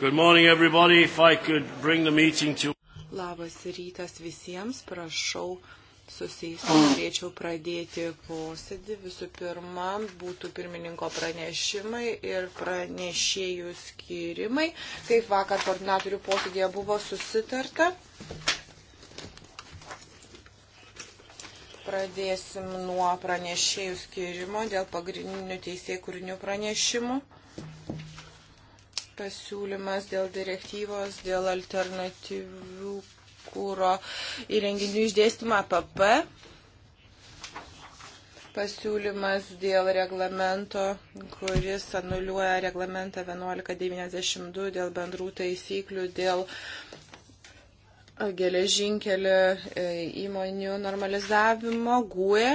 Good morning, everybody. If I could bring the meeting to... Labas rytas visiems, prašau susėsti. Norėčiau pradėti posėdį. Visų pirma, būtų pirmininko pranešimai ir pranešėjų skirimai, kaip vakar koordinatorių posėdėje buvo susitarta. Pradėsim nuo pranešėjų skirimo dėl pagrindinių teisėjų kūrinių pranešimų pasiūlymas dėl direktyvos, dėl alternatyvių kūro įrenginių išdėstymą APP, pasiūlymas dėl reglamento, kuris anuliuoja reglamentą 1192 dėl bendrų taisyklių, dėl geležinkelio e, įmonių normalizavimo, GUE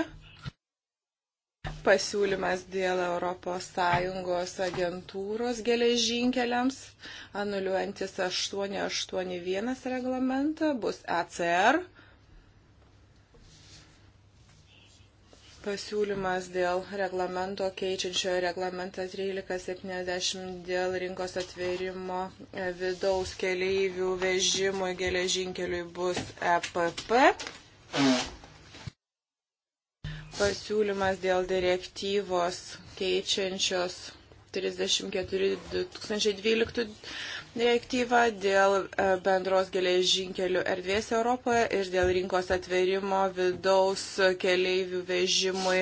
pasiūlymas dėl ES agentūros geležinkeliams, anuliuojantis 881 reglamentą, bus ECR. Pasiūlymas dėl reglamento keičiančio reglamentą 1370 dėl rinkos atvėrimo vidaus keleivių vežimui geležinkeliui bus EPP. Mm pasiūlymas dėl direktyvos keičiančios 34-2012 direktyvą dėl e, bendros geležinkelių erdvės Europoje ir dėl rinkos atverimo vidaus keleivių vežimui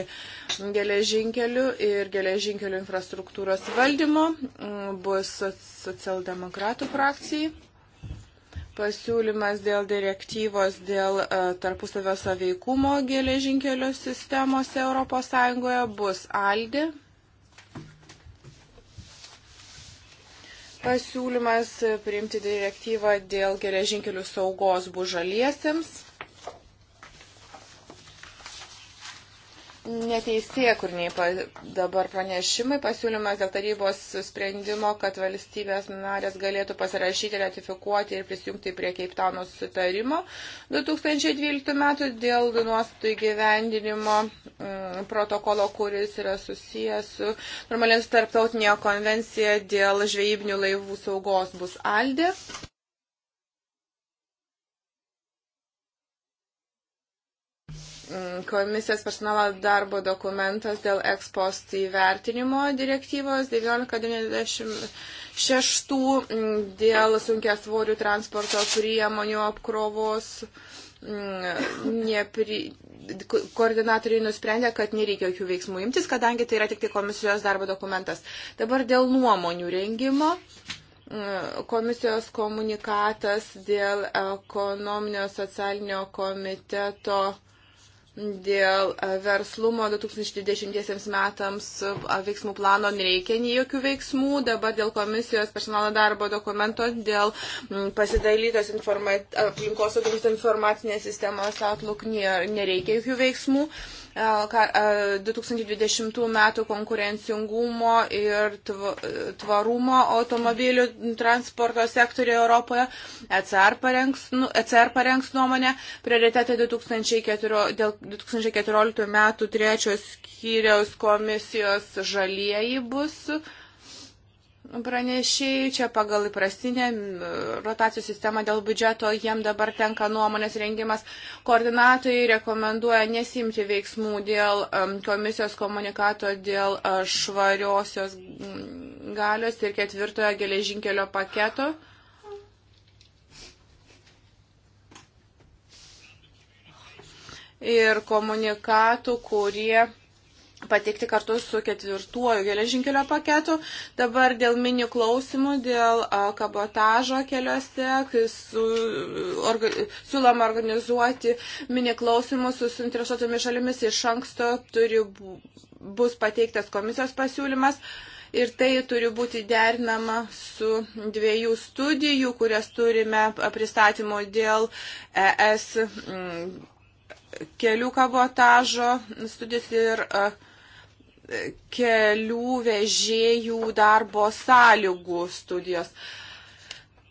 geležinkelių ir geležinkelių infrastruktūros valdymo bus socialdemokratų frakcijai pasiūlymas dėl direktyvos dėl e, tarpusavio saveikumo geležinkelio sistemose ES bus ALDI. Pasiūlymas priimti direktyvą dėl geležinkelių saugos bužaliesiems. neteisė, kur nei pa, dabar pranešimai pasiūlymas dėl tarybos sprendimo, kad valstybės narės galėtų pasirašyti, ratifikuoti ir prisijungti prie Keiptauno sutarimo 2012 metų dėl nuostatų įgyvendinimo m, mm, protokolo, kuris yra susijęs su normalės tarptautinė konvencija dėl žvejybinių laivų saugos bus Aldė. Mm, komisijos personalo darbo dokumentas dėl ekspost įvertinimo direktyvos 1996 mm, dėl sunkia svorių transporto priemonių apkrovos. Mm, nepri... Koordinatoriai nusprendė, kad nereikia jokių veiksmų imtis, kadangi tai yra tik tai komisijos darbo dokumentas. Dabar dėl nuomonių rengimo komisijos komunikatas dėl ekonominio socialinio komiteto dėl e, verslumo 2020 metams e, veiksmų plano nereikia nei jokių veiksmų, dabar dėl komisijos personalo darbo dokumento, dėl pasidalytos informa... aplinkosaugos informacinės sistemos atluk nereikia jokių veiksmų. 2020 e, e, metų konkurencingumo ir tvarumo automobilių transporto sektoriuje Europoje. ECR parengs, nu, ECR parengs nuomonę. Prioritetai 2014, dėl 2014 metų trečios skyriaus komisijos žalieji bus. Uh, pranešėjai, čia pagal įprastinę rotacijų sistemą dėl biudžeto jiem dabar tenka nuomonės rengimas. Koordinatoriai rekomenduoja nesimti veiksmų dėl komisijos komunikato dėl švariosios galios ir ketvirtojo geležinkelio paketo. Ir komunikatų, kurie pateikti kartu su ketvirtuoju geležinkelio paketu. Dabar dėl mini klausimų, dėl kabotažo keliuose, kai su, orga, siūloma organizuoti mini klausimus su suinteresuotomis šalimis iš anksto turi, bus pateiktas komisijos pasiūlymas. Ir tai turi būti derinama su dviejų studijų, kurias turime pristatymo dėl ES kelių kabotažo studijas ir uh, kelių vežėjų darbo sąlygų studijos.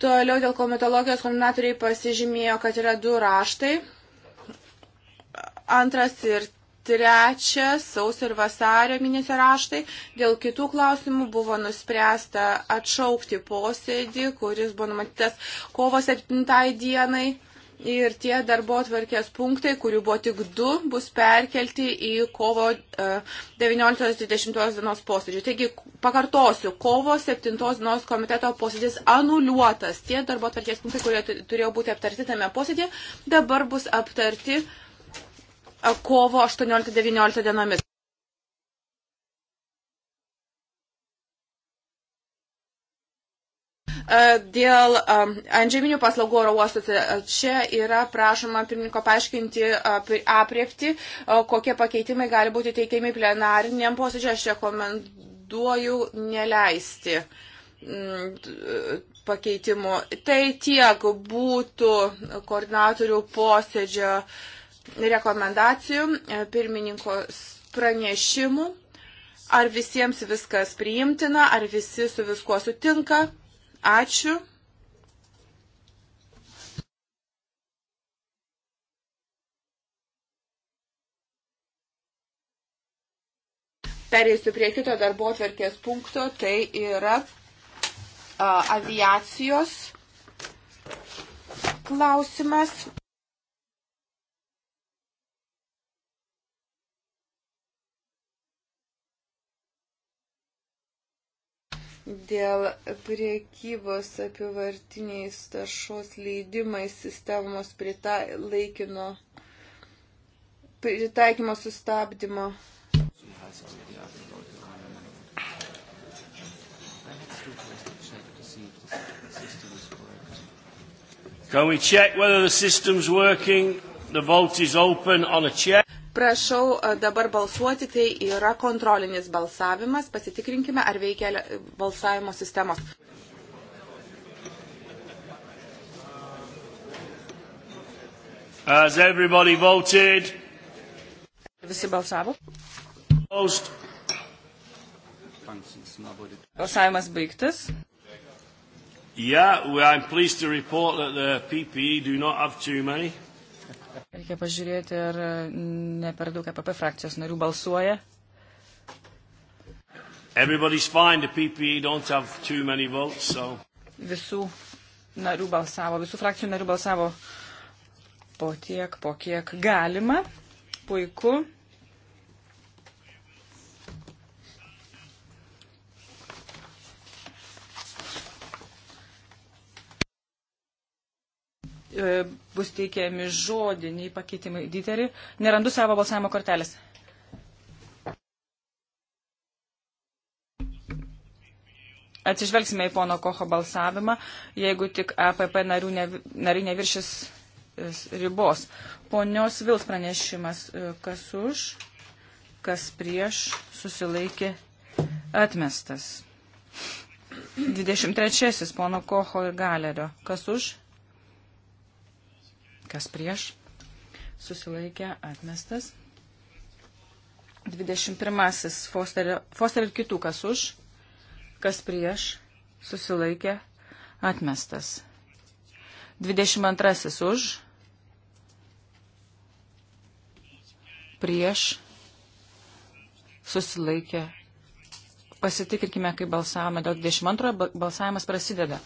Toliau dėl komitologijos koordinatoriai pasižymėjo, kad yra du raštai. Antras ir trečias sausio ir vasario mėnesio raštai. Dėl kitų klausimų buvo nuspręsta atšaukti posėdį, kuris buvo numatytas kovo 7 dienai ir tie darbo atvarkės punktai, kurių buvo tik du, bus perkelti į kovo 19-20 e, dienos posėdžių. Taigi, pakartosiu, kovo 7 dienos komiteto posėdis anuliuotas. Tie darbo atvarkės punktai, kurie turėjo būti aptarti tame posėdėje, dabar bus aptarti e, kovo 18-19 dienomis. E, dėl antžeminių paslaugų oro uostuose e, čia yra prašoma pirmininko paaiškinti e, apriepti, kokie pakeitimai gali būti teikiami plenariniam posėdžiui. Aš rekomenduoju neleisti pakeitimų. Tai tiek būtų koordinatorių posėdžio rekomendacijų, pirmininko pranešimų. Ar visiems viskas priimtina, ar visi su viskuo sutinka? Ačiū. Pereisiu prie kito darbo atverkės punkto, tai yra a, aviacijos klausimas. dėl priekybos apivartiniais taršos leidimais sistemos pritai, laikino pritaikymo sustabdymo. Can we check whether the system's working? The vote is open on a check. Prašau dabar balsuoti, tai yra kontrolinis balsavimas. Pasitikrinkime, ar veikia balsavimo sistemos. As everybody voted. Visi balsavo. Post. Balsavimas baigtas. Yeah, well, I'm pleased to report that the PPE do not have too many. Reikia pažiūrėti, ar ne per daug EPP frakcijos narių balsuoja. Fine, e votes, so. Visų narių balsavo, visų frakcijų narių balsavo po tiek, po kiek galima. Puiku. E, bus teikiami žodiniai pakeitimai. Diterį, nerandu savo balsavimo kortelės. Atsižvelgsime į pono Kocho balsavimą, jeigu tik APP narių ne, nariai neviršis e, ribos. Ponios Vils pranešimas, e, kas už, kas prieš, susilaikė atmestas. 23. Pono Kocho ir Galerio. Kas už, Kas prieš? Susilaikė atmestas. 21. Fosterio, Fosterio ir kitų. Kas už? Kas prieš? Susilaikė atmestas. 22. Už? Prieš? Susilaikė. Pasitikrinkime, kai balsavome dėl 22. Balsavimas prasideda.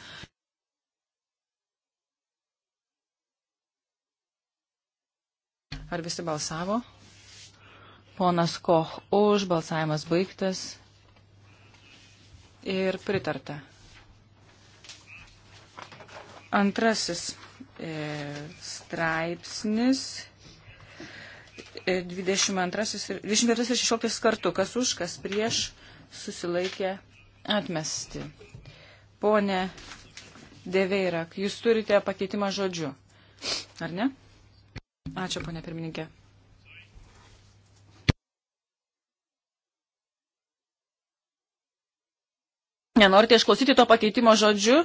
Ar visi balsavo? Ponas Koch už, balsavimas baigtas ir pritarta. Antrasis e, straipsnis. E, 22 ir 16 kartu, kas už, kas prieš, susilaikė atmesti. Pone Deveirak, jūs turite pakeitimą žodžiu, ar ne? Ačiū, ponė pirmininkė. Nenorite išklausyti to pakeitimo žodžiu?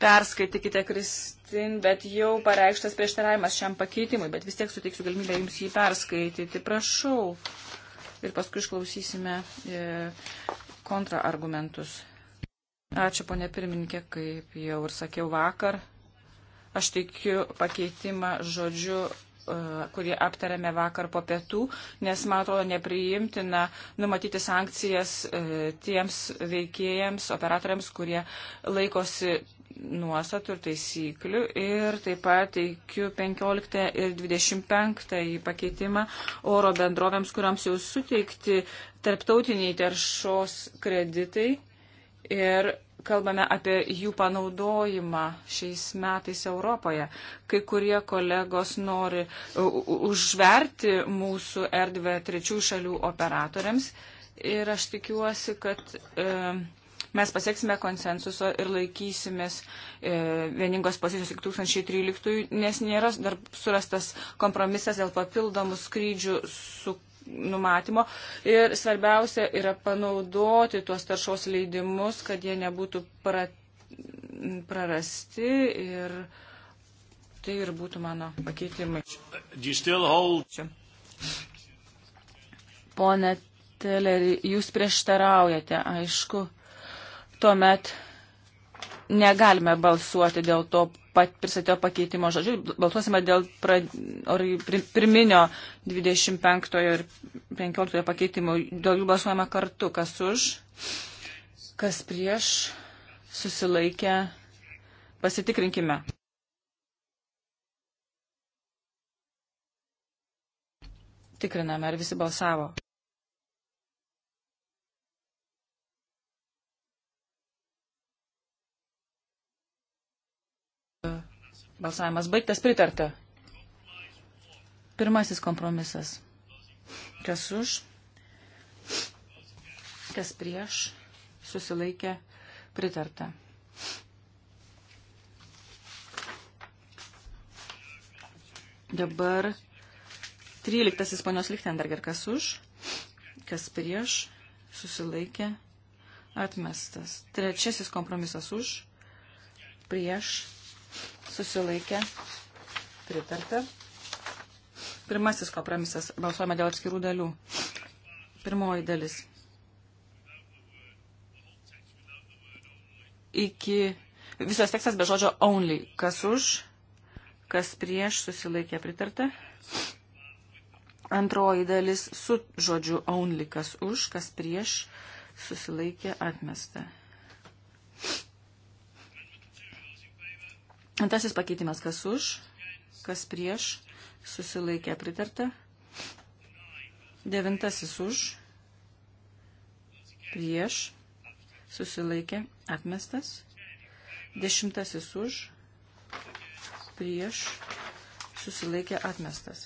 perskaitykite Kristin, bet jau pareikštas prieštaravimas šiam pakeitimui, bet vis tiek suteiksiu galimybę jums jį perskaityti. Prašau. Ir paskui išklausysime e, kontraargumentus. Ačiū, ponė pirmininkė, kaip jau ir sakiau vakar. Aš teikiu pakeitimą žodžiu e, kurį aptarėme vakar po pietų, nes, man atrodo, nepriimtina numatyti sankcijas e, tiems veikėjams, operatoriams, kurie laikosi nuostatų ir taisyklių ir taip pat teikiu 15 ir 25 pakeitimą oro bendrovėms, kuriams jau suteikti tarptautiniai teršos kreditai ir kalbame apie jų panaudojimą šiais metais Europoje. Kai kurie kolegos nori užverti mūsų erdvę trečių šalių operatoriams ir aš tikiuosi, kad e, mes pasieksime konsensuso ir laikysimės e, vieningos pozicijos iki 2013, nes nėra dar surastas kompromisas dėl papildomų skrydžių su numatymo. Ir svarbiausia yra panaudoti tuos taršos leidimus, kad jie nebūtų pra, prarasti. Ir tai ir būtų mano pakeitimai. Pone Teleri, jūs prieštaraujate, aišku tuomet negalime balsuoti dėl to prisatėjo pakeitimo žodžių. Balsuosime dėl pra, or, pirminio 25 ir 15 pakeitimo. Dėl jų balsuojame kartu. Kas už, kas prieš, susilaikę. Pasitikrinkime. Tikriname, ar visi balsavo. Balsavimas baigtas, pritarta. Pirmasis kompromisas. Kas už, kas prieš, susilaikė, pritarta. Dabar 13 ponios Lichtenberger, kas už, kas prieš, susilaikė, atmestas. Trečiasis kompromisas už, prieš, susilaikė, pritarta. Pirmasis kompromisas, balsuojame dėl atskirų dalių. Pirmoji dalis. Iki visas tekstas be žodžio only. Kas už, kas prieš susilaikė pritarta. Antroji dalis su žodžiu only. Kas už, kas prieš susilaikė atmesta. Antrasis pakeitimas, kas už, kas prieš, susilaikė pritarta. Devintasis už, prieš, susilaikė atmestas. Dešimtasis už, prieš, susilaikė atmestas.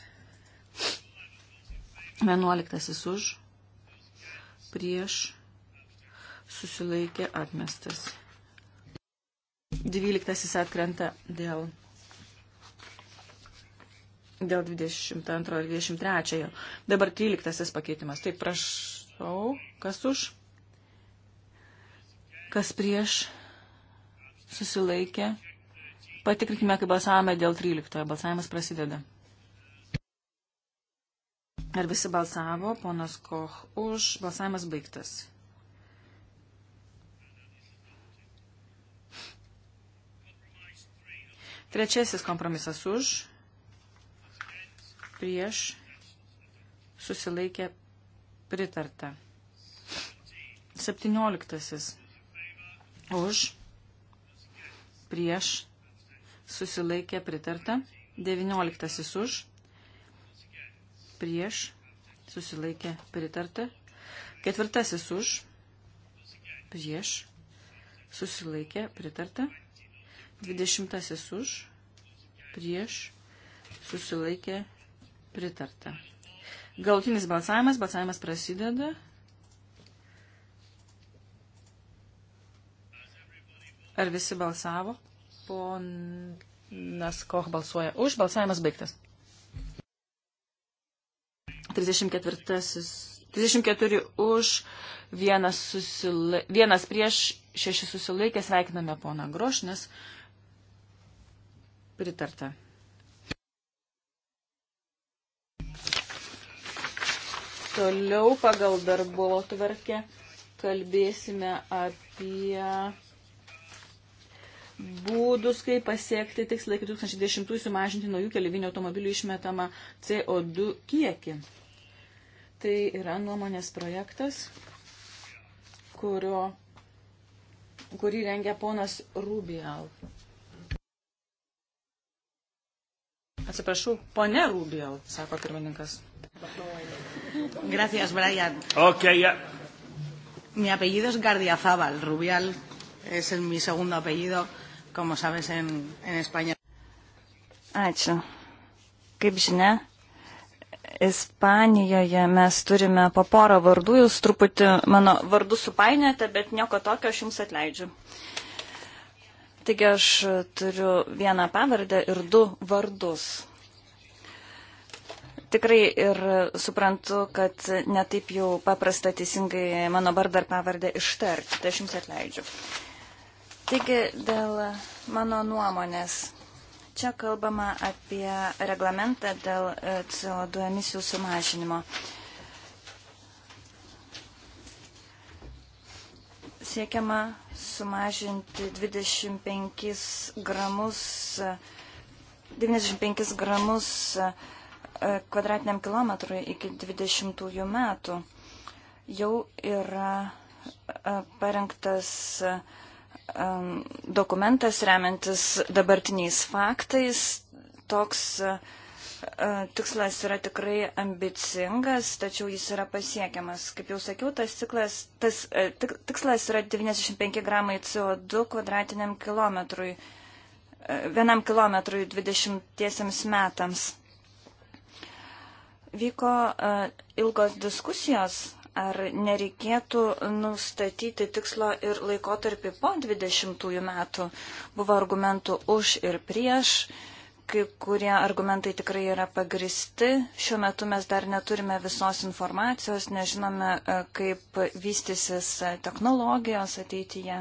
Vienuoliktasis už, prieš, susilaikė atmestas. 12 atkrenta dėl, dėl 22 ir 23. Dabar 13 pakeitimas. Taip, prašau, kas už, kas prieš susilaikė. Patikrinkime, kaip balsavome dėl 13. Balsavimas prasideda. Ar visi balsavo? Ponas Koch už. Balsavimas baigtas. Trečiasis kompromisas už, prieš, susilaikė pritarta. Septynioliktasis už, prieš, susilaikė pritarta. Devynioliktasis už, prieš, susilaikė pritarta. Ketvirtasis už, prieš, susilaikė pritarta. Dvidešimtasis už, prieš, susilaikė, pritarta. Galutinis balsavimas, balsavimas prasideda. Ar visi balsavo? Ponas Koch balsuoja už, balsavimas baigtas. 34 34 už, vienas, susila... vienas prieš, šeši susilaikė, sveikiname poną Grošnis. Pritarta. Toliau pagal darbo tvarkę kalbėsime apie būdus, kaip pasiekti tikslai iki 2010 sumažinti naujų keliavinių automobilių išmetamą CO2 kiekį. Tai yra nuomonės projektas, kurio, kurį rengia ponas Rubial. Atsiprašau, ponė Rubio, sako pirmininkas. Gracias, Brian. Ok, yeah. Mi apellido es Gardiazabal. Rubial es el, mi segundo apellido, como sabes, en, en España. Ačiū. Kaip žinia, Ispanijoje mes turime po porą vardų, jūs truputį mano vardų supainėte, bet nieko tokio aš jums atleidžiu. Uh, Taigi aš turiu vieną pavardę ir du vardus. Tikrai ir suprantu, kad netaip jau paprasta teisingai mano vardą ar pavardę ištarti, tai aš jums atleidžiu. Taigi dėl mano nuomonės. Čia kalbama apie reglamentą dėl e, CO2 emisijų sumažinimo. Siekiama sumažinti 25 gramus, 95 gramus e, kvadratiniam kilometrui iki 20 metų. Jau yra e, parengtas e, dokumentas remiantis dabartiniais faktais. Toks uh, E, tikslas yra tikrai ambicingas, tačiau jis yra pasiekiamas. Kaip jau sakiau, tas, ciklas, tas e, tik, tikslas yra 95 gramai CO2 kvadratiniam kilometrui, e, vienam kilometrui 20 metams. Vyko ilgos diskusijos, ar nereikėtų nustatyti tikslo ir laikotarpį po 20 metų. Buvo argumentų už ir prieš kai kurie argumentai tikrai yra pagristi. Šiuo metu mes dar neturime visos informacijos, nežinome, e, kaip vystysis e, technologijos ateityje.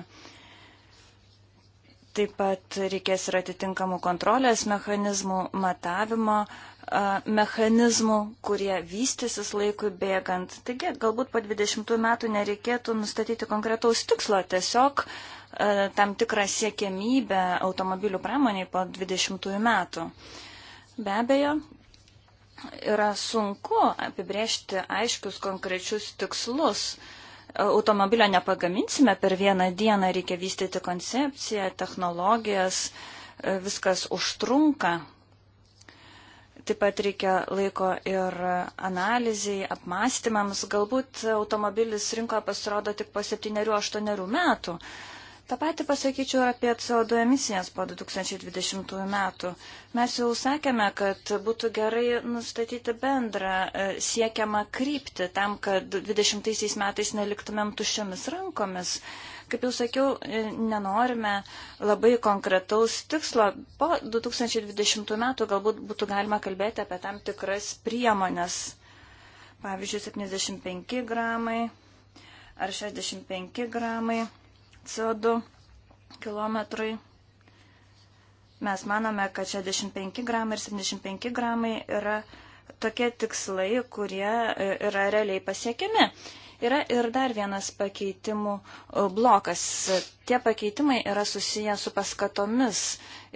Taip pat reikės ir atitinkamų kontrolės mechanizmų matavimo. Uh, mechanizmų, kurie vystysis laikui bėgant. Taigi, galbūt po 20 metų nereikėtų nustatyti konkretaus tikslo, tiesiog tam tikrą siekėmybę automobilių pramoniai po 20 metų. Be abejo, yra sunku apibriežti aiškius konkrečius tikslus. Automobilio nepagaminsime per vieną dieną, reikia vystyti koncepciją, technologijas, viskas užtrunka, Taip pat reikia laiko ir analizai, apmąstymams. Galbūt automobilis rinkoje pasirodo tik po 7-8 metų. Ta pati pasakyčiau ir apie CO2 emisijas po 2020 metų. Mes jau sakėme, kad būtų gerai nustatyti bendrą e, siekiamą kryptį tam, kad 20 metais neliktumėm tuščiomis rankomis. Kaip jau sakiau, e, nenorime labai konkretaus tikslo. Po 2020 metų galbūt būtų galima kalbėti apie tam tikras priemonės. Pavyzdžiui, 75 gramai ar 65 gramai CO2 kilometrui. Mes manome, kad 65 gramai ir 75 gramai yra tokie tikslai, kurie e, yra realiai pasiekiami. Yra ir dar vienas pakeitimų e, blokas. Tie pakeitimai yra susiję su paskatomis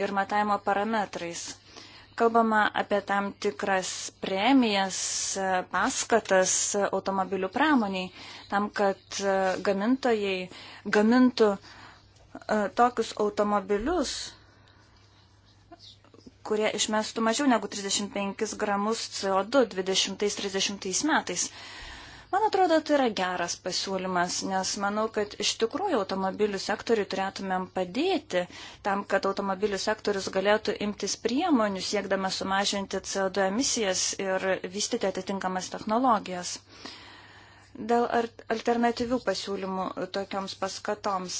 ir matavimo parametrais. Kalbama apie tam tikras premijas, e, paskatas automobilių pramoniai, tam, kad e, gamintojai gamintų tokius automobilius, kurie išmestų mažiau negu 35 gramus CO2 20-30 metais. Man atrodo, tai yra geras pasiūlymas, nes manau, kad iš tikrųjų automobilių sektoriui turėtumėm padėti tam, kad automobilių sektorius galėtų imtis priemonių siekdama sumažinti CO2 emisijas ir vystyti atitinkamas technologijas. Dėl alternatyvių pasiūlymų tokioms paskatoms.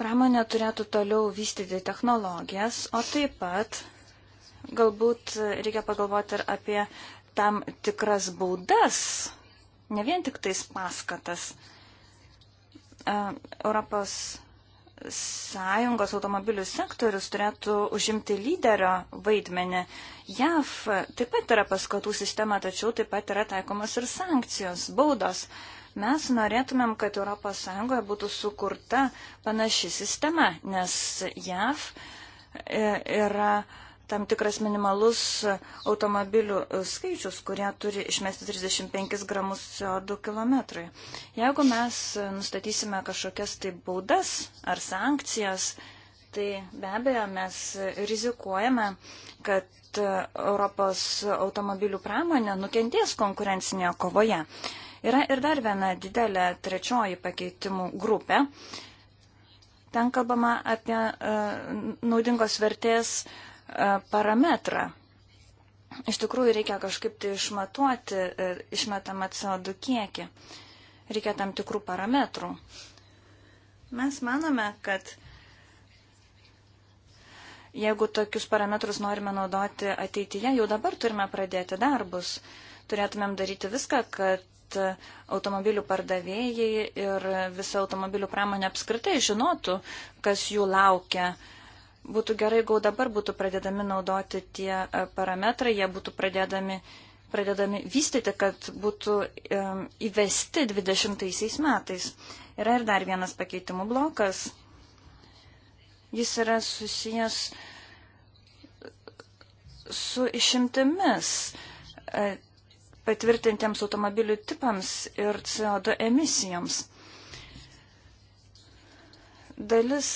Pramonė turėtų toliau vystyti technologijas, o taip pat galbūt reikia pagalvoti ir apie tam tikras baudas, ne vien tik tais paskatas. Europos sąjungos automobilių sektorius turėtų užimti lyderio vaidmenį. JAV taip pat yra paskatų sistema, tačiau taip pat yra taikomas ir sankcijos, baudos. Mes norėtumėm, kad ES būtų sukurta panaši sistema, nes JAV e, yra. E, tam tikras minimalus automobilių skaičius, kurie turi išmesti 35 gramus CO2 kilometrui. Jeigu mes nustatysime kažkokias tai baudas ar sankcijas, tai be abejo mes rizikuojame, kad Europos automobilių pramonė nukentės konkurencinėje kovoje. Yra ir dar viena didelė trečioji pakeitimų grupė. Ten kalbama apie uh, naudingos vertės uh, E, parametrą. Iš tikrųjų, reikia kažkaip tai išmatuoti e, išmetamą CO2 kiekį. Reikia tam tikrų parametrų. Mes manome, kad jeigu tokius parametrus norime naudoti ateityje, jau dabar turime pradėti darbus. Turėtumėm daryti viską, kad automobilių pardavėjai ir visa automobilių pramonė apskritai žinotų, kas jų laukia būtų gerai, jeigu dabar būtų pradedami naudoti tie e, parametrai, jie būtų pradedami, pradedami vystyti, kad būtų um, įvesti 20 metais. Yra ir dar vienas pakeitimų blokas. Jis yra susijęs su išimtimis e, patvirtintiems automobilių tipams ir CO2 emisijoms. Dalis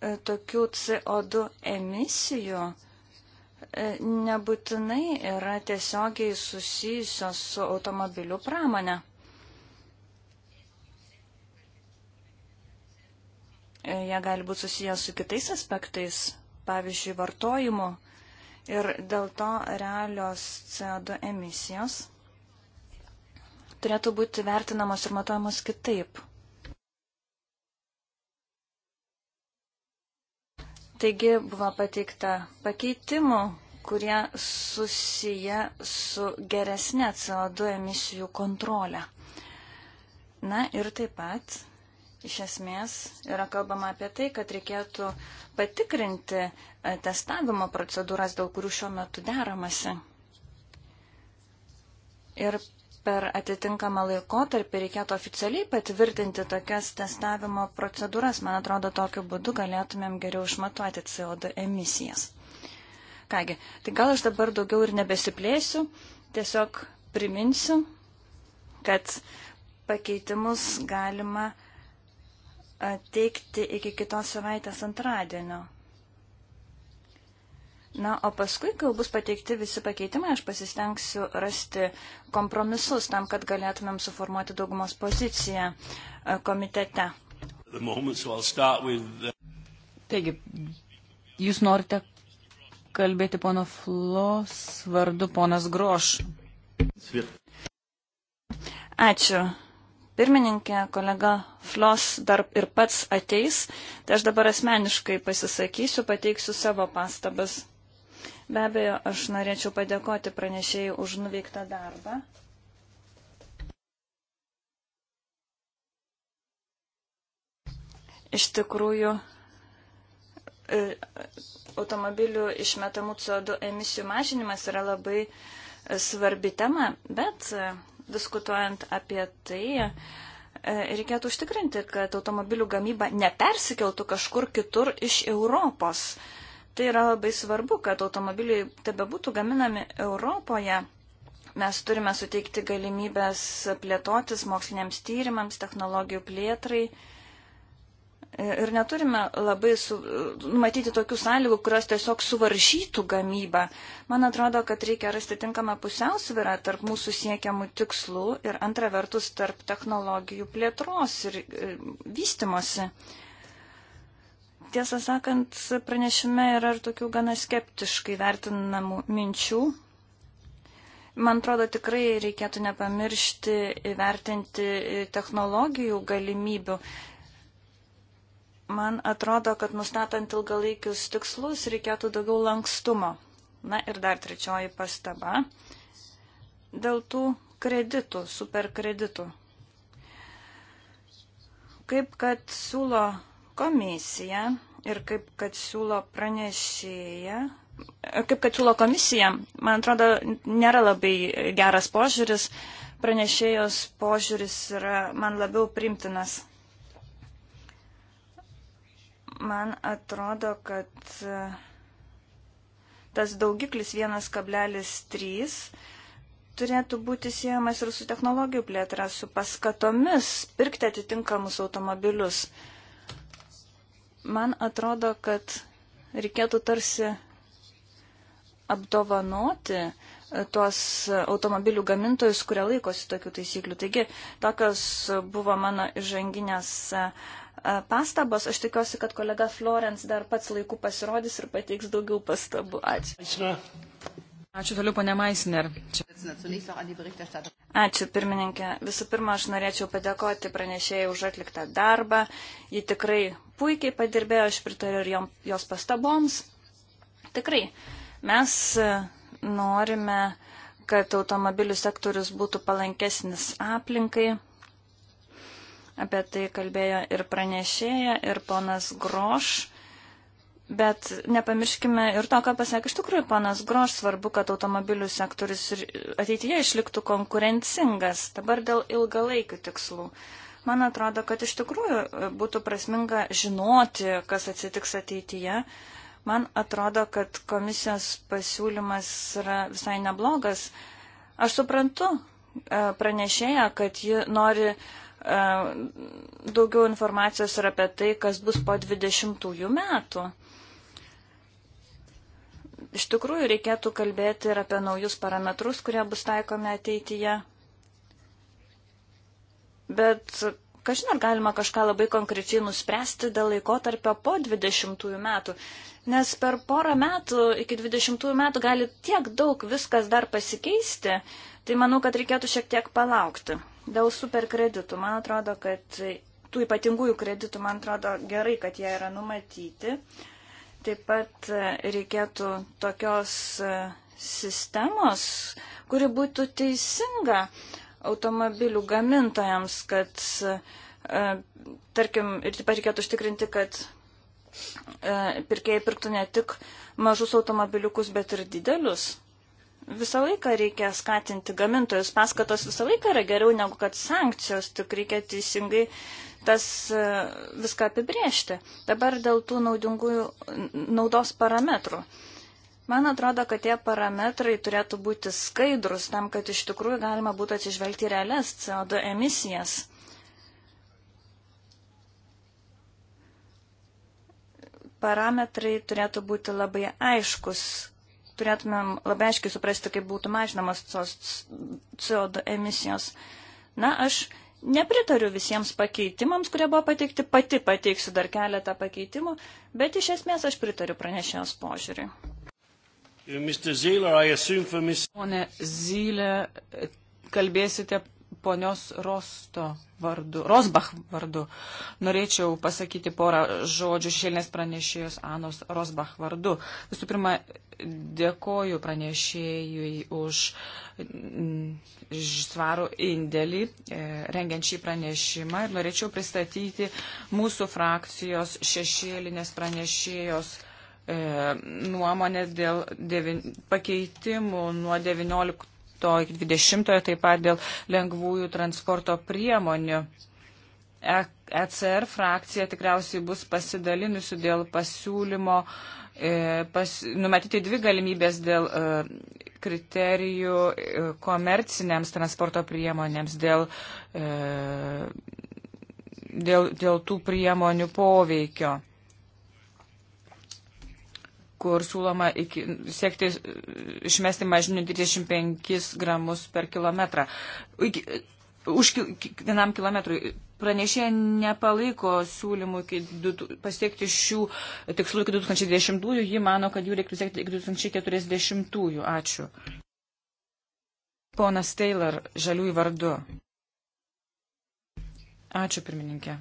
E, tokių CO2 emisijų e, nebūtinai yra tiesiogiai susijusios su automobilių pramonė. E, jie gali būti susijęs su kitais aspektais, pavyzdžiui, vartojimu ir dėl to realios CO2 emisijos turėtų būti vertinamos ir matuojamos kitaip. Taigi buvo pateikta pakeitimų, kurie susiję su geresnė CO2 emisijų kontrolė. Na ir taip pat iš esmės yra kalbama apie tai, kad reikėtų patikrinti e, testavimo procedūras, dėl kurių šiuo metu deramasi. Ir per atitinkamą laikotarpį reikėtų oficialiai patvirtinti tokias testavimo procedūras. Man atrodo, tokiu būdu galėtumėm geriau išmatuoti CO2 emisijas. Kągi, tai gal aš dabar daugiau ir nebesiplėsiu, tiesiog priminsiu, kad pakeitimus galima teikti iki kitos savaitės antradienio. Na, o paskui, kai bus pateikti visi pakeitimai, aš pasistengsiu rasti kompromisus tam, kad galėtumėm suformuoti daugumos poziciją e, komitete. Taigi, jūs norite kalbėti pono Flos vardu, ponas Groš. Ačiū. Pirmininkė, kolega Flos dar ir pats ateis, tai aš dabar asmeniškai pasisakysiu, pateiksiu savo pastabas. Be abejo, aš norėčiau padėkoti pranešėjai už nuveiktą darbą. Iš tikrųjų, e, automobilių išmetamų CO2 emisijų mažinimas yra labai e, svarbi tema, bet e, diskutuojant apie tai, reikėtų užtikrinti, kad automobilių gamyba nepersikeltų kažkur kitur iš Europos. Tai yra labai svarbu, kad automobiliai tebe būtų gaminami Europoje. Mes turime suteikti galimybės plėtotis moksliniams tyrimams, technologijų plėtrai. Ir neturime labai su, numatyti tokių sąlygų, kurios tiesiog suvaržytų gamybą. Man atrodo, kad reikia rasti tinkamą pusiausvyrą tarp mūsų siekiamų tikslų ir antra vertus tarp technologijų plėtros ir, ir e, vystimosi. Uh, Tiesą sakant, pranešime yra ir tokių gana skeptiškai vertinamų minčių. Man atrodo, tikrai reikėtų nepamiršti įvertinti technologijų galimybių. Man atrodo, kad nustatant ilgalaikius tikslus reikėtų daugiau lankstumo. Na ir dar trečioji pastaba. Dėl tų kreditų, superkreditų. Kaip kad siūlo Komisija ir kaip kad siūlo pranešėja, kaip kad siūlo komisija, man atrodo, nėra labai geras požiūris. Pranešėjos požiūris yra man labiau primtinas. Man atrodo, kad e, tas daugiklis 1,3 turėtų būti siejamas ir su technologijų plėtra, su paskatomis pirkti atitinkamus automobilius. Uh, Man atrodo, kad reikėtų tarsi apdovanoti e, tuos automobilių gamintojus, kurie laikosi tokių taisyklių. Taigi, tokios buvo mano žanginės e, e, pastabos. Aš tikiuosi, kad kolega Florence dar pats laiku pasirodys ir pateiks daugiau pastabų. Ačiū. Ačiū toliau, ponė Maisner. Ačiū, pirmininkė. Visų pirma, aš norėčiau padėkoti pranešėjai už atliktą darbą. Ji tikrai puikiai padirbėjo, aš pritariu ir jos pastaboms. Tikrai, mes e, norime, kad automobilių sektorius būtų palankesnis aplinkai. Apie tai kalbėjo ir pranešėja, ir ponas Groš. Bet nepamirškime ir to, ką pasakė iš tikrųjų panas Groš, svarbu, kad automobilių sektorius ateityje išliktų konkurencingas, dabar dėl ilgalaikių tikslų. Man atrodo, kad iš tikrųjų e, būtų prasminga žinoti, kas atsitiks ateityje. Man atrodo, kad komisijos pasiūlymas yra visai neblogas. Aš suprantu e, pranešėją, kad ji nori e, daugiau informacijos ir apie tai, kas bus po 20 metų. Iš tikrųjų, reikėtų kalbėti ir apie naujus parametrus, kurie bus taikomi ateityje. Bet kažin ar galima kažką labai konkrečiai nuspręsti dėl laikotarpio po 20 metų, nes per porą metų iki 20 metų gali tiek daug viskas dar pasikeisti, tai manau, kad reikėtų šiek tiek palaukti. Dėl superkreditų, man atrodo, kad tų ypatingųjų kreditų, man atrodo, gerai, kad jie yra numatyti. Uh, Taip pat e, reikėtų tokios e, sistemos, kuri būtų teisinga automobilių gamintojams, kad, e, tarkim, ir taip pat reikėtų užtikrinti, kad pirkėjai pirktų ne tik mažus automobiliukus, bet ir didelius. Visą laiką reikia skatinti gamintojus. Paskatos visą laiką yra geriau negu kad sankcijos, tik reikia teisingai tas e, viską apibriežti. Dabar dėl tų naudingųjų naudos parametrų. Man atrodo, kad tie parametrai turėtų būti skaidrus tam, kad iš tikrųjų galima būtų atsižvelgti realias CO2 emisijas. Parametrai turėtų būti labai aiškus, turėtumėm labai aiškiai suprasti, kaip būtų mažinamas tos CO2 emisijos. Na, aš nepritariu visiems pakeitimams, kurie buvo pateikti, pati pateiksiu dar keletą pakeitimų, bet iš esmės aš pritariu pranešėjos požiūriui. Pone Zylė, kalbėsite ponios Rosto vardu, Rosbach vardu. Norėčiau pasakyti porą žodžių šešėlinės pranešėjos Anos Rosbach vardu. Visų pirma, dėkoju pranešėjui už mm, svarų indėlį, e, rengiant šį pranešimą ir norėčiau pristatyti mūsų frakcijos šešėlinės pranešėjos e, nuomonę dėl devin, pakeitimų nuo 19 iki 20-ojo, taip pat dėl lengvųjų transporto priemonių. ECR e frakcija tikriausiai bus pasidalinusi dėl pasiūlymo e, pas, numatyti dvi galimybės dėl e, kriterijų e, komerciniams transporto priemonėms, dėl, e, dėl, dėl tų priemonių poveikio kur siūloma iki, siekti išmesti mažinių 25 gramus per kilometrą. Iki, už vienam kilometrui. Pranešė nepalaiko siūlymų iki, du, pasiekti šių tikslų iki 2010-ųjų, ji mano, kad jų reiktų siekti iki 2040-ųjų. Ačiū. Ponas Taylor, žaliųjų vardu. Ačiū, pirmininkė.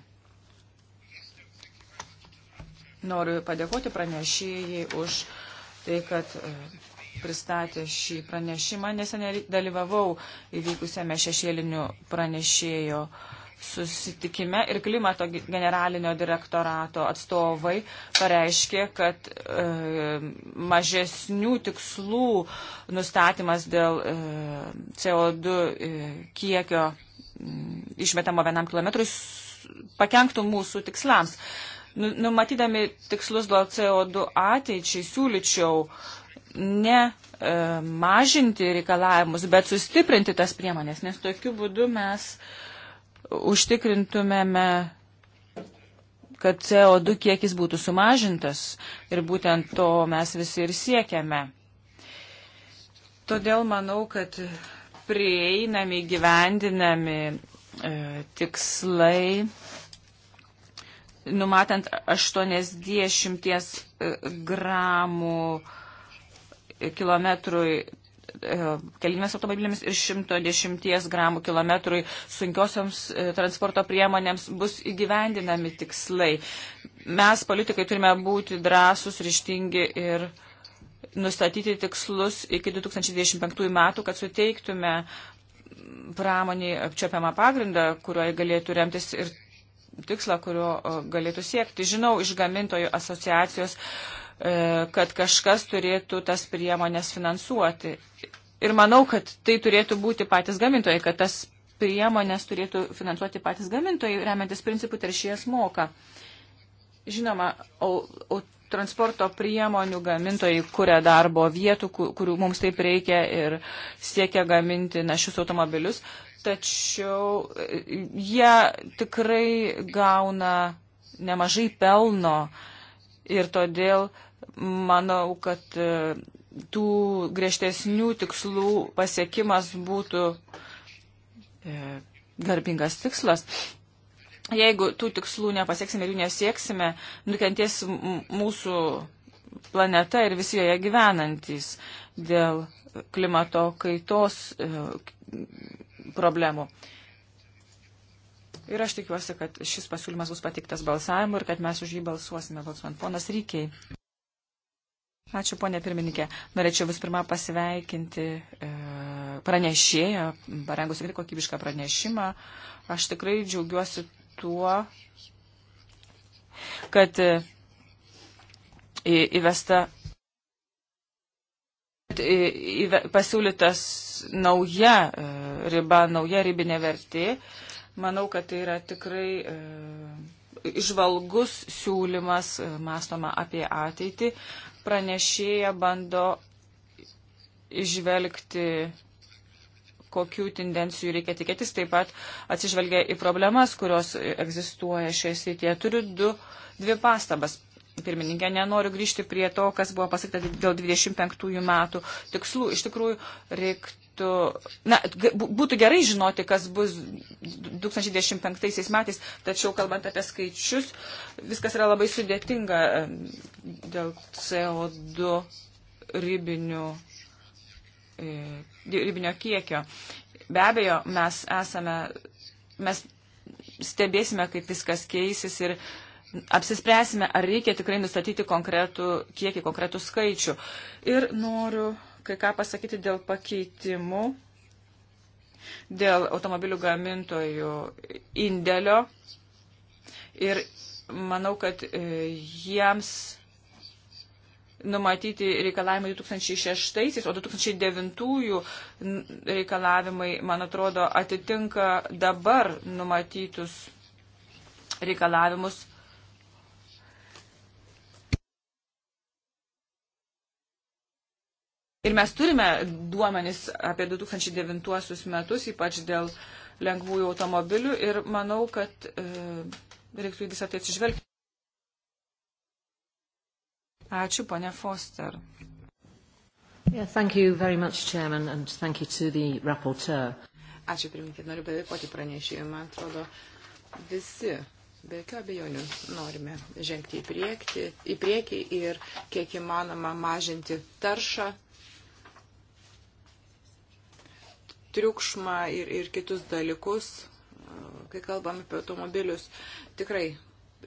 Noriu padėkoti pranešėjai už tai, kad e, pristatė šį pranešimą. Neseniai dalyvavau įvykusiame šešėlinių pranešėjo susitikime ir klimato generalinio direktorato atstovai pareiškė, kad e, mažesnių tikslų nustatymas dėl e, CO2 e, kiekio m, išmetamo vienam kilometrui pakenktų mūsų tikslams. E, Numatydami nu, tikslus dėl CO2 ateičiai, siūlyčiau ne e, mažinti reikalavimus, bet sustiprinti tas priemonės, nes tokiu būdu mes užtikrintumėme, kad CO2 kiekis būtų sumažintas ir būtent to mes visi ir siekiame. Todėl manau, kad prieinami, gyvendinami e, tikslai numatant 80 e, gramų e, kilometrui e, kelinėmis automobilėmis ir 110 gramų kilometrui sunkiosioms transporto priemonėms bus įgyvendinami tikslai. Mes, politikai, turime būti drąsus, ryštingi ir nustatyti tikslus iki 2025 metų, kad suteiktume pramoniai apčiopiamą pagrindą, kurioje galėtų remtis ir tikslą, kurio e, galėtų siekti. Žinau iš gamintojų asociacijos, e, kad kažkas turėtų tas priemonės finansuoti. Ir manau, kad tai turėtų būti patys gamintojai, kad tas priemonės turėtų finansuoti patys gamintojai, remiantis principų teršėjas moka. Žinoma, o, o transporto priemonių gamintojai kuria darbo vietų, kurių mums taip reikia ir siekia gaminti našius automobilius tačiau e, jie tikrai gauna nemažai pelno ir todėl manau, kad e, tų griežtesnių tikslų pasiekimas būtų e, garbingas tikslas. Jeigu tų tikslų nepasieksime ir jų nesieksime, nukentės mūsų planeta ir visi joje gyvenantis dėl klimato kaitos problemų. Ir aš tikiuosi, kad šis pasiūlymas bus patiktas balsavimu ir kad mes už jį balsuosime balsuojant. Ponas Rykiai. Ačiū, ponė pirmininkė. Norėčiau vis pirma pasveikinti e, pranešėją, parengus tikrai kokybišką pranešimą. Aš tikrai džiaugiuosi tuo, kad e, įvesta kad pasiūlytas nauja e, riba, nauja ribinė vertė, manau, kad tai yra tikrai e, išvalgus siūlymas, e, mąstoma apie ateitį, pranešėja bando išvelgti kokių tendencijų reikia tikėtis, taip pat atsižvelgia į problemas, kurios egzistuoja šioje srityje. Turiu du, dvi pastabas pirmininkė, nenoriu grįžti prie to, kas buvo pasakyta dėl 25 metų tikslų. Iš tikrųjų, reiktų, na, būtų gerai žinoti, kas bus 2025 metais, tačiau kalbant apie skaičius, viskas yra labai sudėtinga e, dėl CO2 ribinių, e, ribinio kiekio. Be abejo, mes esame, mes stebėsime, kaip viskas keisis ir uh, apsispręsime, ar reikia tikrai nustatyti konkretų kiekį, konkretų skaičių. Ir noriu kai ką pasakyti dėl pakeitimų, dėl automobilių gamintojų indėlio. Ir manau, kad e, jiems numatyti reikalavimai 2006, o 2009 reikalavimai, man atrodo, atitinka dabar numatytus reikalavimus Ir mes turime duomenis apie 2009 metus, ypač dėl lengvųjų automobilių ir manau, kad e, reiktų į visą tai atsižvelgti. Ačiū, ponė Foster. Yeah, thank you very much, Chairman, and thank you to the rapporteur. Ačiū, pirmininkė, noriu padėkoti pranešėjui. Man atrodo, visi be jokio abejonių norime žengti į priekį, į priekį ir kiek įmanoma mažinti taršą triukšmą ir, ir kitus dalykus, kai kalbam apie automobilius. Tikrai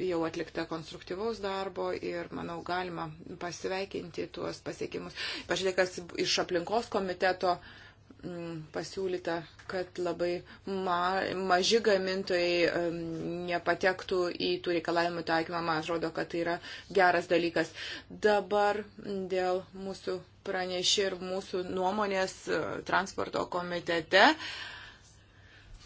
jau atlikta konstruktyvaus darbo ir, manau, galima pasveikinti tuos pasiekimus. Pažiūrėk, tai, kas iš aplinkos komiteto mm, pasiūlyta, kad labai ma, maži gamintojai mm, nepatektų į tų reikalavimų taikymą. Man atrodo, kad tai yra geras dalykas. Dabar dėl mūsų pranešė ir mūsų nuomonės e, transporto komitete.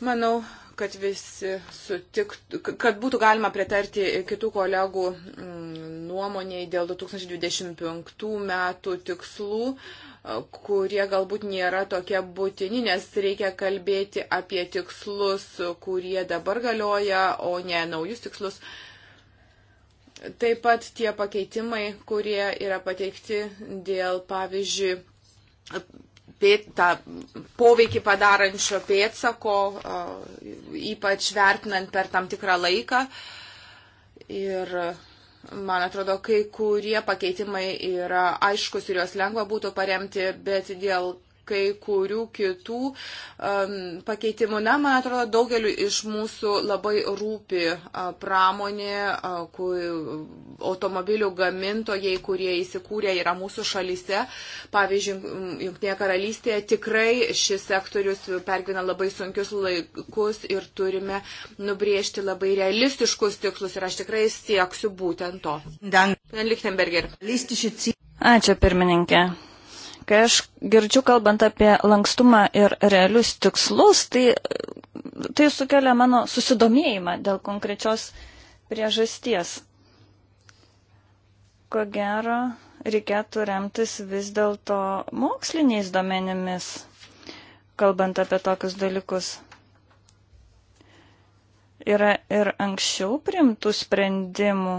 Manau, kad visi sutiktų, kad būtų galima pritarti kitų kolegų mm, nuomoniai dėl 2025 metų tikslų, e, kurie galbūt nėra tokie būtini, nes reikia kalbėti apie tikslus, kurie dabar galioja, o ne naujus tikslus. Taip pat tie pakeitimai, kurie yra pateikti dėl, pavyzdžiui, tą poveikį padarančio pėtsako, ypač vertinant per tam tikrą laiką. Ir man atrodo, kai kurie pakeitimai yra aiškus ir juos lengva būtų paremti, bet dėl kai kurių kitų um, pakeitimų. Na, man atrodo, daugeliu iš mūsų labai rūpi a, pramonė, a, kui, automobilių gamintojai, kurie įsikūrė yra mūsų šalyse. Pavyzdžiui, Junktinėje karalystėje tikrai šis sektorius pergyvena labai sunkius laikus ir turime nubriežti labai realistiškus tikslus ir aš tikrai sieksiu būtent to. Lichtenberger. Ačiū pirmininkė. Kai aš girdžiu kalbant apie lankstumą ir realius tikslus, tai tai sukelia mano susidomėjimą dėl konkrečios priežasties. Ko gero, reikėtų remtis vis dėlto moksliniais domenimis, kalbant apie tokius dalykus. Yra ir anksčiau primtų sprendimų,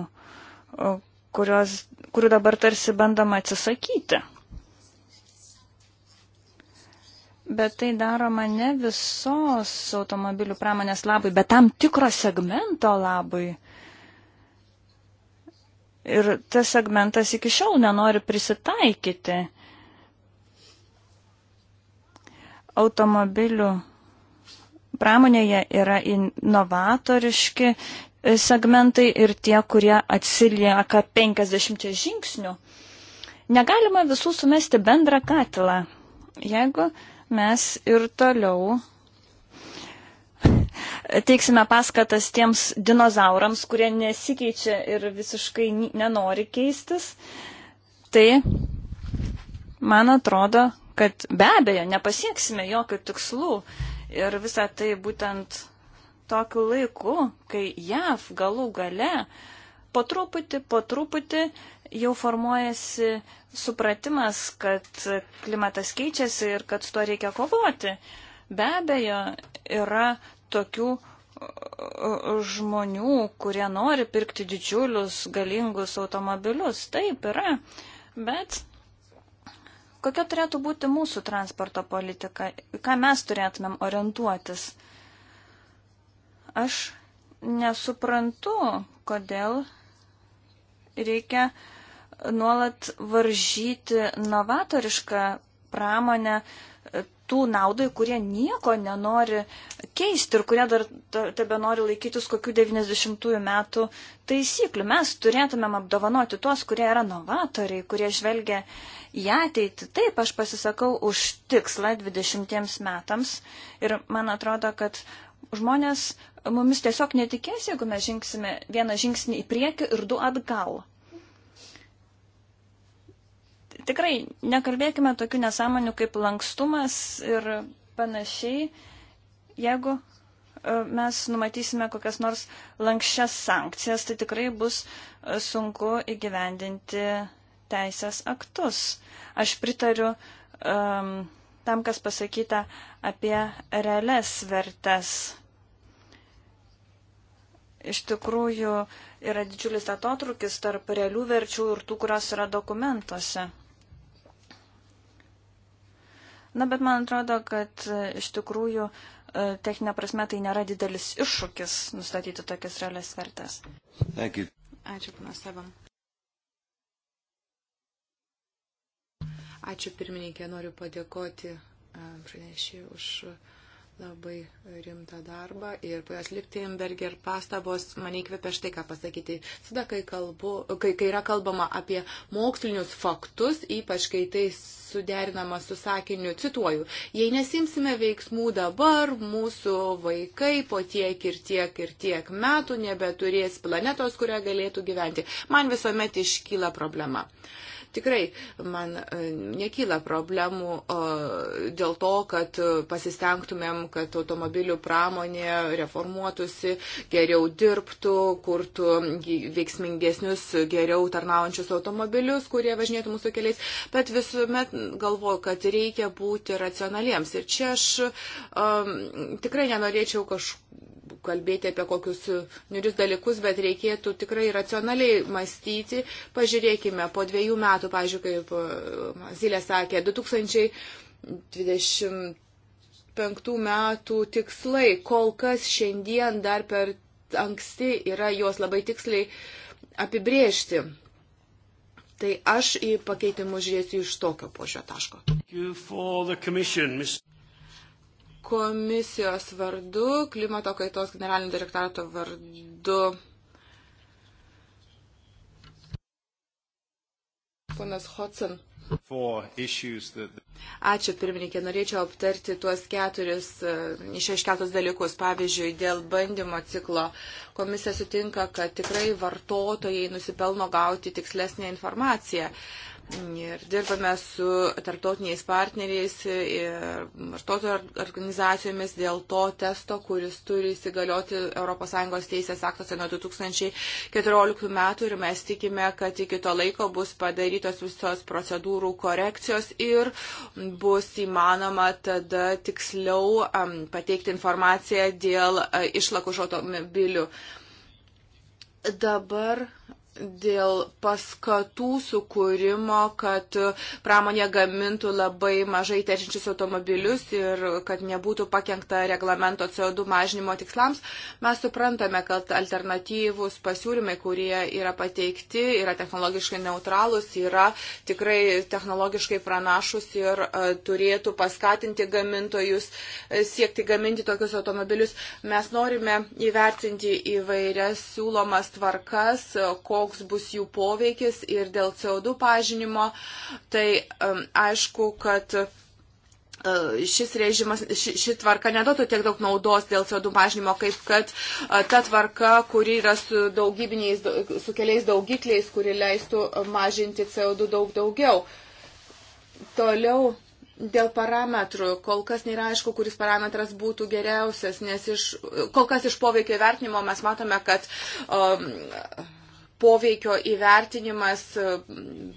kurios, kurių dabar tarsi bandoma atsisakyti. Bet tai daroma ne visos automobilių pramonės labui, bet tam tikro segmento labui. Ir tas segmentas iki šiol nenori prisitaikyti. Automobilių pramonėje yra inovatoriški segmentai ir tie, kurie atsilieka 50 žingsnių. Negalima visų sumesti bendrą katilą. Jeigu uh, mes ir toliau teiksime paskatas tiems dinozaurams, kurie nesikeičia ir visiškai nenori keistis. Tai man atrodo, kad be abejo nepasieksime jokių tikslų ir visą tai būtent tokiu laiku, kai JAV galų gale po truputį, po truputį uh, jau formuojasi supratimas, kad klimatas keičiasi ir kad su to reikia kovoti. Be abejo, yra tokių uh, uh, žmonių, kurie nori pirkti didžiulius, galingus automobilius. Taip yra. Bet kokia turėtų būti mūsų transporto politika, ką mes turėtumėm orientuotis? Aš nesuprantu, kodėl reikia uh, nuolat varžyti novatorišką pramonę e, tų naudai, kurie nieko nenori keisti ir kurie dar tebe nori laikytis kokių 90-ųjų metų taisyklių. Mes turėtumėm apdovanoti tuos, kurie yra novatoriai, kurie žvelgia į ateitį. Taip, aš pasisakau už tikslą 20 metams ir man atrodo, kad žmonės mumis tiesiog netikės, jeigu mes žingsime vieną žingsnį į priekį ir du atgal. Tikrai nekalbėkime tokių nesąmonių kaip lankstumas ir panašiai, jeigu e, mes numatysime kokias nors lankščias sankcijas, tai tikrai bus e, sunku įgyvendinti teisės aktus. Aš pritariu um, tam, kas pasakyta apie realias vertes. Iš tikrųjų yra didžiulis atotrukis tarp realių verčių ir tų, kurios yra dokumentuose. Na, bet man atrodo, kad e, iš tikrųjų e, techninė prasme tai nėra didelis iššūkis nustatyti tokias realias vertės. Ačiū. Ačiū, panas Savam. Ačiū pirmininkė, noriu padėkoti e, pranešėjai už. Uh, labai rimtą darbą ir ponios Liptimberger pastabos mane įkvėpia štai ką pasakyti. Sada, kai, kalbu, kai, kai yra kalbama apie mokslinius faktus, ypač kai tai suderinama su sakiniu, cituoju, jei nesimsime veiksmų dabar, mūsų vaikai po tiek ir tiek ir tiek metų nebeturės planetos, kurioje galėtų gyventi. Man visuomet iškyla problema. Uh, Tikrai man e, nekyla problemų e, dėl to, kad e, pasistengtumėm, kad automobilių pramonė reformuotųsi, geriau dirbtų, kurtų veiksmingesnius, geriau tarnaujančius automobilius, kurie važinėtų mūsų keliais, bet visuomet galvoju, kad reikia būti racionaliems. Ir čia aš um, tikrai nenorėčiau kažkokio kalbėti apie kokius niurius dalykus, bet reikėtų tikrai racionaliai mąstyti. Pažiūrėkime, po dviejų metų, pažiūrėjau, kaip uh, Zilė sakė, 2025 metų tikslai kol kas šiandien dar per anksti yra juos labai tiksliai apibriežti. Tai aš į pakeitimus žiūrėsiu iš tokio požio taško komisijos vardu, klimato kaitos generalinio direktorato vardu. Ponas Hodson. Ačiū pirmininkė, norėčiau aptarti tuos keturis e, išaiškėtus dalykus. Pavyzdžiui, dėl bandymo ciklo komisija sutinka, kad tikrai vartotojai nusipelno gauti tikslesnę informaciją. Uh, Ir dirbame su tarptautiniais partneriais ir vartotojų organizacijomis dėl to testo, kuris turi įsigalioti ES teisės aktuose nuo 2014 metų ir mes tikime, kad iki to laiko bus padarytos visos procedūrų korekcijos ir bus įmanoma tada tiksliau pateikti informaciją dėl išlakų iš automobilių. Dabar dėl paskatų sukūrimo, kad pramonė gamintų labai mažai teršinčius automobilius ir kad nebūtų pakengta reglamento CO2 mažinimo tikslams, mes suprantame, kad alternatyvus pasiūlymai, kurie yra pateikti, yra technologiškai neutralūs, yra tikrai technologiškai pranašus ir e, turėtų paskatinti gamintojus e, siekti gaminti tokius automobilius. Mes norime įvertinti įvairias siūlomas tvarkas, e, ko koks bus jų poveikis ir dėl CO2 pažinimo, tai um, aišku, kad uh, šis režimas, ši, ši tvarka neduotų tiek daug naudos dėl CO2 mažinimo, kaip kad uh, ta tvarka, kuri yra su, su keliais daugikliais, kuri leistų mažinti CO2 daug daugiau. Toliau. Dėl parametrų, kol kas nėra aišku, kuris parametras būtų geriausias, nes iš, kol kas iš poveikio vertinimo mes matome, kad um, poveikio įvertinimas,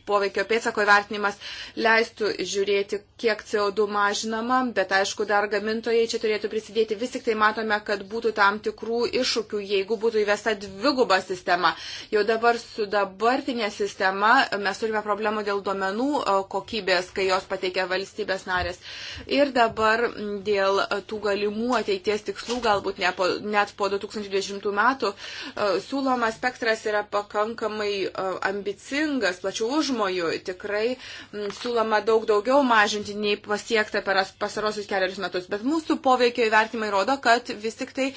poveikio pėtsako įvertinimas leistų žiūrėti, kiek CO2 mažinama, bet aišku, dar gamintojai čia turėtų prisidėti. Vis tik tai matome, kad būtų tam tikrų iššūkių, jeigu būtų įvesta dviguba sistema. Jau dabar su dabartinė sistema mes turime problemų dėl duomenų e, kokybės, kai jos pateikia valstybės narės. Ir dabar dėl tų galimų ateities tikslų, galbūt ne po, net po 2020 metų, e, siūloma spektras yra pakankamai pakankamai ambicingas, plačių užmojų, tikrai siūloma daug daugiau mažinti nei pasiekta per pasarosius keliarius metus. Bet mūsų poveikio įvertimai rodo, kad vis tik tai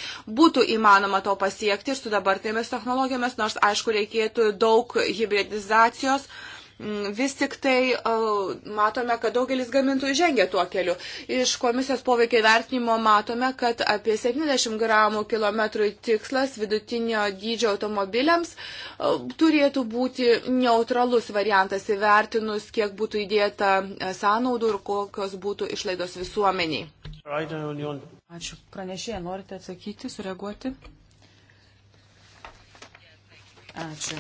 būtų įmanoma to pasiekti ir su dabartinėmis technologijomis, nors aišku reikėtų daug hybridizacijos. Uh, Mm, vis tik tai matome, kad daugelis gamintojų žengia tuo keliu. Iš komisijos poveikio vertinimo matome, kad apie 70 gramų kilometrų tikslas vidutinio dydžio automobiliams turėtų būti neutralus variantas įvertinus, kiek būtų įdėta e, sąnaudų ir kokios būtų išlaidos visuomeniai. Ačiū. Pranešėja, norite atsakyti, sureaguoti? Ačiū.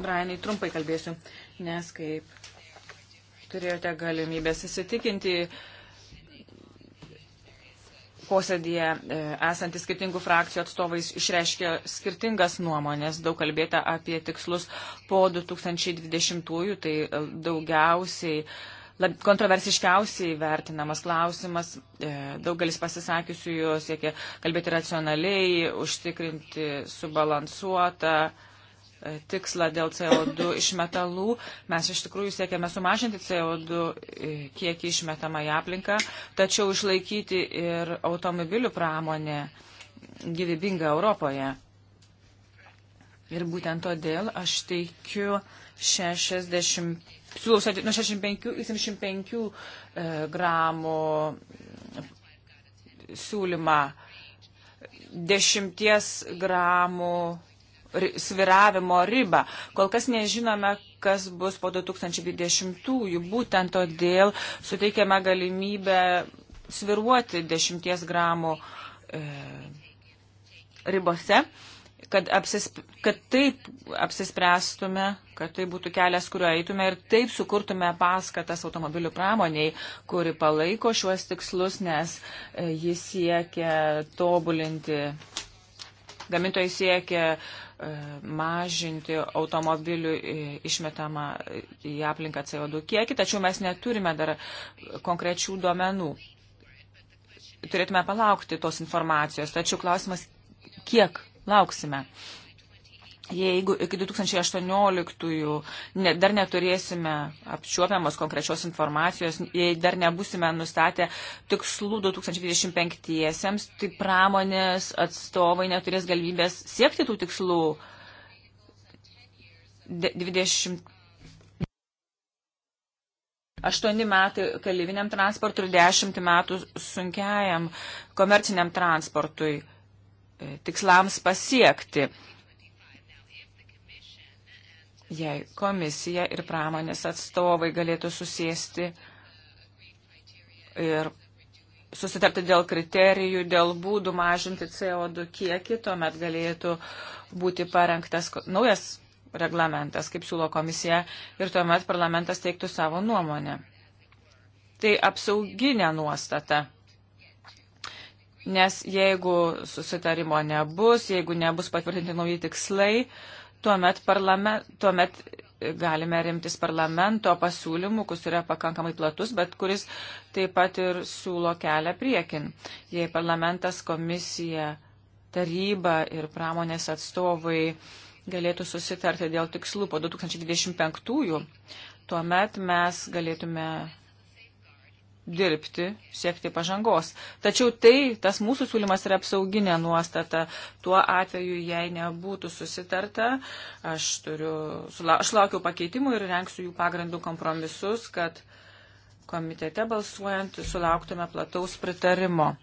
Brianai, trumpai kalbėsiu, nes kaip turėjote galimybės įsitikinti posėdėje e, esantys skirtingų frakcijų atstovais išreiškė skirtingas nuomonės, daug kalbėta apie tikslus po 2020-ųjų, tai e, daugiausiai kontroversiškiausiai vertinamas klausimas. E, daugelis pasisakiusių jo siekia kalbėti racionaliai, užtikrinti subalansuotą tikslą dėl CO2 iš metalų. Mes iš tikrųjų siekiame sumažinti CO2 e, kiekį išmetamą į aplinką, tačiau išlaikyti ir automobilių pramonę gyvybingą Europoje. Ir būtent todėl aš teikiu 60, siūlau nuo 65 iki 75 e, gramų siūlymą 10 gramų sviravimo ribą. Kol kas nežinome, kas bus po 2020-ųjų. Būtent todėl suteikiame galimybę sviruoti 10 gramų e, ribose, kad, apsisp kad taip apsispręstume, kad tai būtų kelias, kuriuo eitume ir taip sukurtume paskatas automobilių pramoniai, kuri palaiko šiuos tikslus, nes e, jis siekia tobulinti, gamintojai siekia e, E, mažinti automobilių e, išmetamą į aplinką CO2 kiekį, tačiau mes neturime dar konkrečių duomenų. Turėtume palaukti tos informacijos, tačiau klausimas, kiek lauksime. Uh, Jeigu iki 2018-ųjų ne, dar neturėsime apčiuopiamos konkrečios informacijos, jei dar nebusime nustatę tikslų 2025-iesiems, tai pramonės atstovai neturės galimybės siekti tų tikslų 20. Aštuoni metai kaliviniam transportui ir dešimt metų sunkiajam komerciniam transportui e, tikslams pasiekti jei komisija ir pramonės atstovai galėtų susėsti ir susitarti dėl kriterijų, dėl būdų mažinti CO2 kiekį, tuomet galėtų būti parengtas naujas reglamentas, kaip siūlo komisija, ir tuomet parlamentas teiktų savo nuomonę. Tai apsauginė nuostata. Nes jeigu susitarimo nebus, jeigu nebus patvirtinti nauji tikslai, uh, tuomet, parlame, tuomet galime rimtis parlamento pasiūlymų, kuris yra pakankamai platus, bet kuris taip pat ir siūlo kelią priekin. Jei parlamentas, komisija, taryba ir pramonės atstovai galėtų susitarti dėl tikslų po 2025-ųjų, tuomet mes galėtume dirbti, siekti pažangos. Tačiau tai, tas mūsų siūlymas yra apsauginė nuostata. Tuo atveju, jei nebūtų susitarta, aš, turiu, aš laukiu pakeitimų ir renksiu jų pagrindų kompromisus, kad komitete balsuojant sulauktume plataus pritarimo.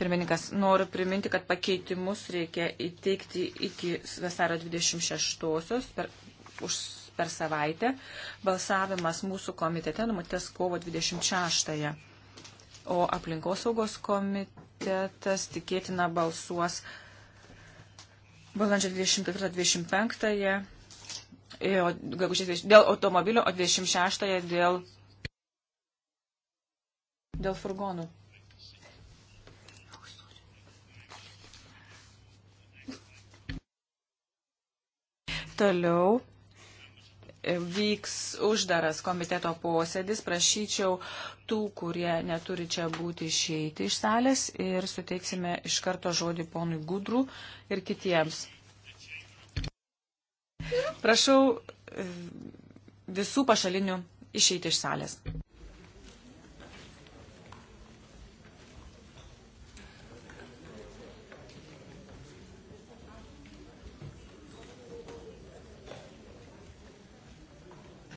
Pirmininkas, noriu priminti, kad pakeitimus reikia įteikti iki vasaro 26-osios už per savaitę. Balsavimas mūsų komitete numatytas kovo 26-ąją, o aplinkosaugos komitetas tikėtina balsuos balandžio 24-25-ąją dėl automobilio, o 26-ąją dėl, dėl furgonų. Toliau vyks uždaras komiteto posėdis. Prašyčiau tų, kurie neturi čia būti išeiti iš salės ir suteiksime iš karto žodį ponui Gudrų ir kitiems. Prašau e, visų pašalinių išeiti iš salės.